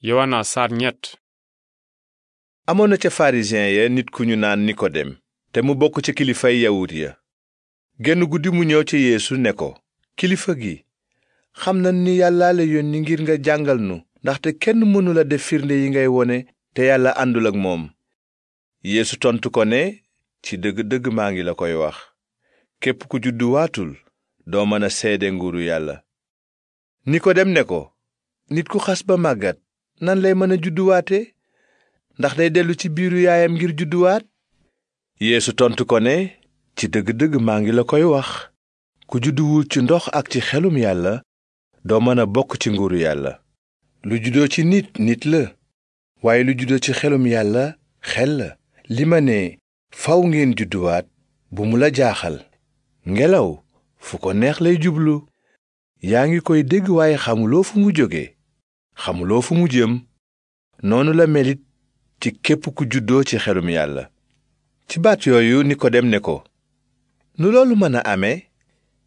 yowana saar ñett amoon na ca farisiyen ya nit ku ñu naan ni ko dem te mu bokk ci kilifay yawut ya genn guddi mu ñëw ci yéesu ne ko kilifa gi xam na ni yàlla la yónni ngir nga jàngal nu ndaxte kenn mënula def firnde yi ngay wone te yàlla àndul ak moom yéesu tontu ko ne ci dëgg-dëgg maa ngi la koy wax képp ku judduwaatul doo mën a seede nguuru yàlla ni ko dem ne ko nit ku xas ba màggat nan lay mën a judduwaate ndax day dellu ci biiru yaayam ngir judduwaat yéesu tontu ko ne ci dëgg-dëgg maa ngi la koy wax ku judduwul ci ndox ak ci xelum yàlla doo mën a bokk ci nguuru yàlla lu juddoo ci nit nit la waaye lu juddoo ci xelum yàlla xel la li ma ne faw ngeen judduwaat bu mu la jaaxal ngelaw fu ko neex lay jublu yaa ngi koy dégg waaye xamuloo fu mu jóge xamuloo fu mu jëm noonu la melit ci képp ku juddoo ci xelum yàlla ci baat yooyu dem ne ko nu loolu mën a amee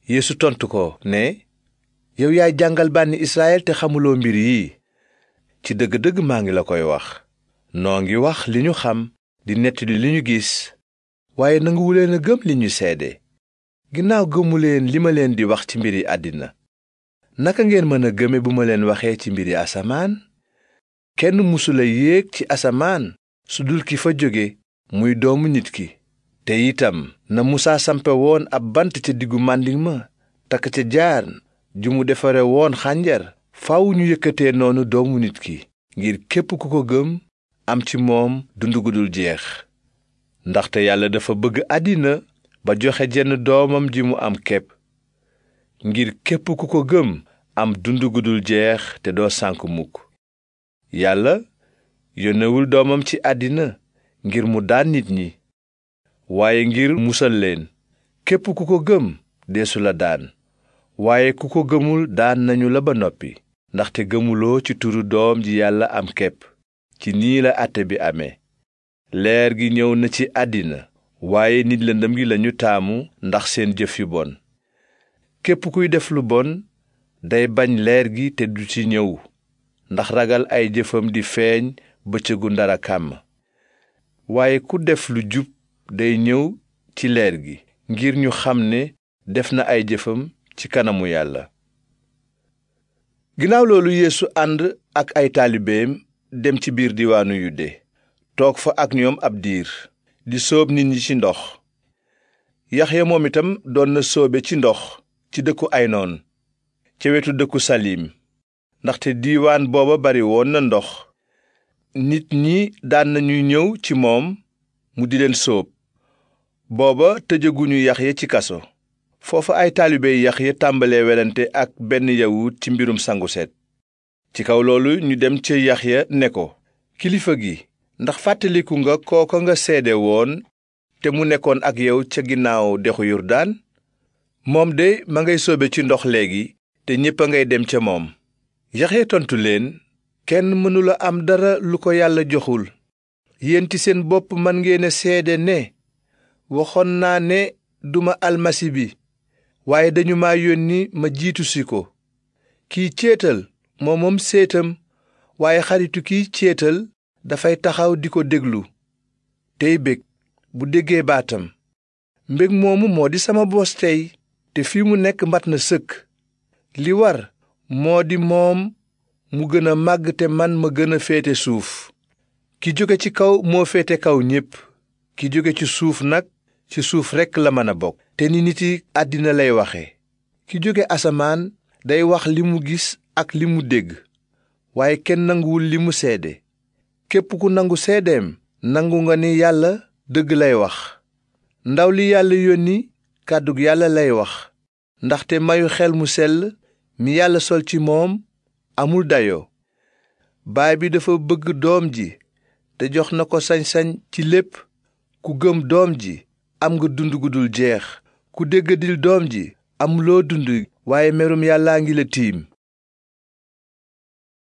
yéesu tontu ko ne yow yaay jàngal bànni israel te xamuloo mbir yi ci dëgg-dëgg maa ngi la koy wax noo ngi wax li ñu xam di nettali li ñu gis waaye nanguwuleen a gëm li ñu seede ginnaaw gëmuleen li ma leen di wax ci mbiri àddina naka ngeen mën a gëme bu ma leen waxee ci mbiri asamaan kenn musula yéeg ci asamaan su dul ki fa jóge muy doomu nit ki te itam na musaa sampe woon ab bant ca diggu màndiŋ ma takk ca jaar ju mu defare woon xànjar faw ñu yëkkatee noonu doomu nit ki ngir képp ku ko gëm am ci moom dund gu dul jeex ndaxte yàlla dafa bëgg àddina ba joxe jenn doomam ji mu am képp ngir képp ku ko gëm am dund gudul jeex te doo sànk mukk yàlla yónnewul doomam ci àddina ngir mu daan nit ñi waaye ngir musal leen képp ku ko gëm deesu la daan waaye ku ko gëmul daan nañu la ba noppi ndaxte gëmuloo ci turu doom ji yàlla am képp ci nii la àtte bi amee leer gi ñëw na ci àddina waaye nit lëndëm gi lañu taamu ndax seen jëf yu bon képp kuy def lu bon day bañ leer gi te du ci ñëw ndax ragal ay jëfam di feeñ bëccëgu ndara kàmm waaye ku def lu jub day ñëw ci leer gi ngir ñu xam ne def na ay jëfam ci kanamu yàlla ginnaaw loolu yéesu ànd ak ay taalibeem dem ci biir diwaanu yu de toog fa ak ñoom ab diir di soob nit ñi ci ndox yax yaxya moom itam doon na soobe ci ndox ci dëkku ay noon ca wetu dëkku salim ndaxte diiwaan booba bari woon na ndox nit ñi daan nañu ñëw ci moom mu di leen soob booba tëjaguñu Yaxya ci kaso foofa ay taalibe Yaxya tàmbalee werante ak benn yawut ci mbirum sangu set ci kaw loolu ñu dem ca yax ya ne ko kilifa gi ndax fàttaliku nga kooko nga seede woon te mu nekkoon ak yow ca ginnaaw dexu Yordaan moom de ma ngay soobe ci ndox léegi te ñépp a ngay dem ca moom yaxe tontu leen kenn mënula am dara lu ko yàlla joxul yéen ci seen bopp man ngeen seede ne waxoon naa ne duma almasi bi waaye dañu ma yónni ma jiitu si ko kiy céetal moomoom moom séetam waaye xaritu kiy céetal dafay taxaw di ko déglu tey bég bu déggee baatam mbég moomu moo di sama bos tey te fii mu nekk mat na sëkk li war moo di moom mu gën a màgg te man ma gën a féete suuf ki jóge ci kaw moo féete kaw ñépp ki jóge ci suuf nag ci suuf rekk la mën a bokk te ni nit yi àddina lay waxe ki jóge asamaan day wax li mu gis ak li mu dégg waaye kenn nanguwul li mu seede képp ku nangu seedeem nangu nga ni yàlla dëgg lay wax ndaw li yàlla yónni kàddu yàlla lay wax ndaxte mayu xel mu sell mi yàlla sol ci moom amul dayoo baay bi dafa bëgg doom ji te jox na ko sañ-sañ ci lépp ku gëm doom ji am nga dund gu dul jeex ku déggadil doom ji am loo dund waaye merum yàllaa ngi la tiim